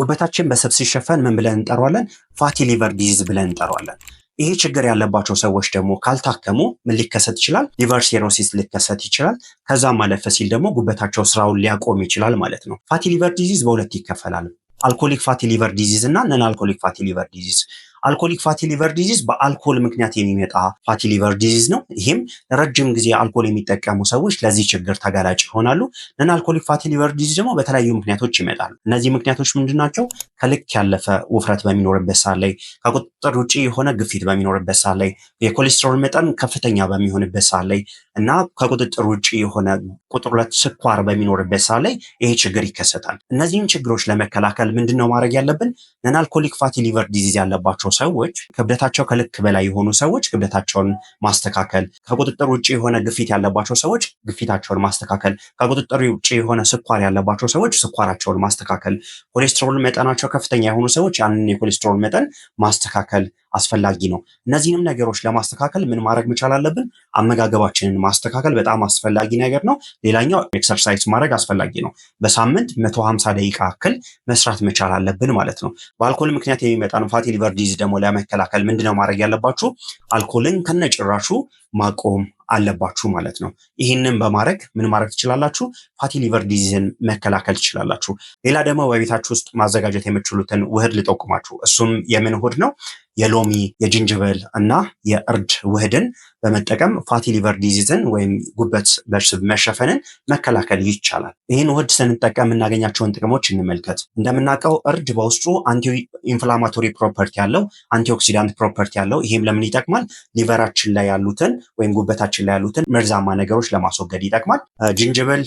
ጉበታችን በስብ ሲሸፈን ምን ብለን እንጠሯለን? ፋቲ ሊቨር ዲዚዝ ብለን እንጠሯለን። ይሄ ችግር ያለባቸው ሰዎች ደግሞ ካልታከሙ ምን ሊከሰት ይችላል? ሊቨር ሲሮሲስ ሊከሰት ይችላል። ከዛ ማለፈ ሲል ደግሞ ጉበታቸው ስራውን ሊያቆም ይችላል ማለት ነው። ፋቲ ሊቨር ዲዚዝ በሁለት ይከፈላል። አልኮሊክ ፋቲ ሊቨር ዲዚዝ እና ነን አልኮሊክ ፋቲ ሊቨር ዲዚዝ አልኮሊክ ፋቲ ሊቨር ዲዚዝ በአልኮል ምክንያት የሚመጣ ፋቲ ሊቨር ዲዚዝ ነው። ይህም ረጅም ጊዜ አልኮል የሚጠቀሙ ሰዎች ለዚህ ችግር ተጋላጭ ይሆናሉ። ነን አልኮሊክ ፋቲ ሊቨር ዲዚዝ ደግሞ በተለያዩ ምክንያቶች ይመጣሉ። እነዚህ ምክንያቶች ምንድን ናቸው? ከልክ ያለፈ ውፍረት በሚኖርበት ሰዓት ላይ፣ ከቁጥጥር ውጭ የሆነ ግፊት በሚኖርበት ሰዓት ላይ፣ የኮሌስትሮል መጠን ከፍተኛ በሚሆንበት ሰዓት ላይ እና ከቁጥጥር ውጭ የሆነ ቁጥር ሁለት ስኳር በሚኖርበት ሰዓት ላይ ይሄ ችግር ይከሰታል። እነዚህም ችግሮች ለመከላከል ምንድን ነው ማድረግ ያለብን? ነን አልኮሊክ ፋቲ ሊቨር ዲዚዝ ያለባቸው ሰዎች ክብደታቸው ከልክ በላይ የሆኑ ሰዎች ክብደታቸውን ማስተካከል፣ ከቁጥጥር ውጭ የሆነ ግፊት ያለባቸው ሰዎች ግፊታቸውን ማስተካከል፣ ከቁጥጥር ውጭ የሆነ ስኳር ያለባቸው ሰዎች ስኳራቸውን ማስተካከል፣ ኮሌስትሮል መጠናቸው ከፍተኛ የሆኑ ሰዎች ያንን የኮሌስትሮል መጠን ማስተካከል አስፈላጊ ነው። እነዚህንም ነገሮች ለማስተካከል ምን ማድረግ መቻል አለብን? አመጋገባችንን ማስተካከል በጣም አስፈላጊ ነገር ነው። ሌላኛው ኤክሰርሳይዝ ማድረግ አስፈላጊ ነው። በሳምንት 150 ደቂቃ ያክል መስራት መቻል አለብን ማለት ነው። በአልኮል ምክንያት የሚመጣን ፋቲ ሊቨር ዲዝ ደግሞ ለመከላከል ምንድነው ማድረግ ያለባችሁ? አልኮልን ከነጭራሹ ማቆም አለባችሁ ማለት ነው። ይህንን በማድረግ ምን ማድረግ ትችላላችሁ? ፋቲ ሊቨር ዲዚዝን መከላከል ትችላላችሁ። ሌላ ደግሞ በቤታችሁ ውስጥ ማዘጋጀት የምችሉትን ውህድ ልጠቁማችሁ። እሱም የምን ውህድ ነው? የሎሚ የጅንጅብል እና የእርድ ውህድን በመጠቀም ፋቲ ሊቨር ዲዚዝን ወይም ጉበት መሸፈንን መከላከል ይቻላል። ይህን ውህድ ስንጠቀም የምናገኛቸውን ጥቅሞች እንመልከት። እንደምናውቀው እርድ በውስጡ አንቲ ኢንፍላማቶሪ ፕሮፐርቲ ያለው አንቲኦክሲዳንት ፕሮፐርቲ ያለው ይህም ለምን ይጠቅማል? ሊቨራችን ላይ ያሉትን ወይም ጉበታችን ላይ ያሉትን መርዛማ ነገሮች ለማስወገድ ይጠቅማል። ጅንጅብል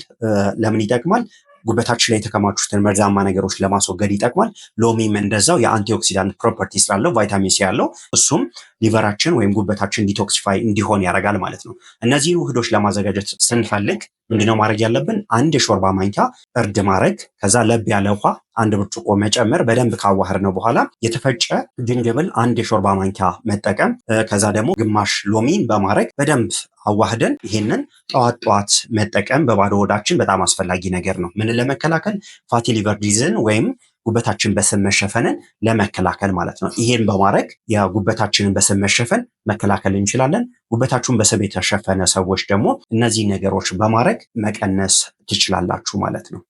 ለምን ይጠቅማል? ጉበታችን ላይ የተከማቹትን መርዛማ ነገሮች ለማስወገድ ይጠቅማል። ሎሚም እንደዛው የአንቲኦክሲዳንት ፕሮፐርቲ ስላለው ቫይታሚን ሲ ያለው እሱም ሊቨራችን ወይም ጉበታችን ዲቶክሲፋይ እንዲሆን ያደርጋል ማለት ነው። እነዚህን ውህዶች ለማዘጋጀት ስንፈልግ ምንድነው ማድረግ ያለብን? አንድ የሾርባ ማንኪያ እርድ ማድረግ፣ ከዛ ለብ ያለ ውሃ አንድ ብርጭቆ መጨመር። በደንብ ካዋህር ነው በኋላ የተፈጨ ዝንጅብል አንድ የሾርባ ማንኪያ መጠቀም፣ ከዛ ደግሞ ግማሽ ሎሚን በማድረግ በደንብ አዋህደን ይሄንን ጠዋት ጠዋት መጠቀም በባዶ ወዳችን በጣም አስፈላጊ ነገር ነው። ምን ለመከላከል ፋቲ ሊቨር ዲዝን ወይም ጉበታችን በስብ መሸፈንን ለመከላከል ማለት ነው። ይሄን በማድረግ የጉበታችንን በስብ መሸፈን መከላከል እንችላለን። ጉበታችሁን በስብ የተሸፈነ ሰዎች ደግሞ እነዚህ ነገሮች በማድረግ መቀነስ ትችላላችሁ ማለት ነው።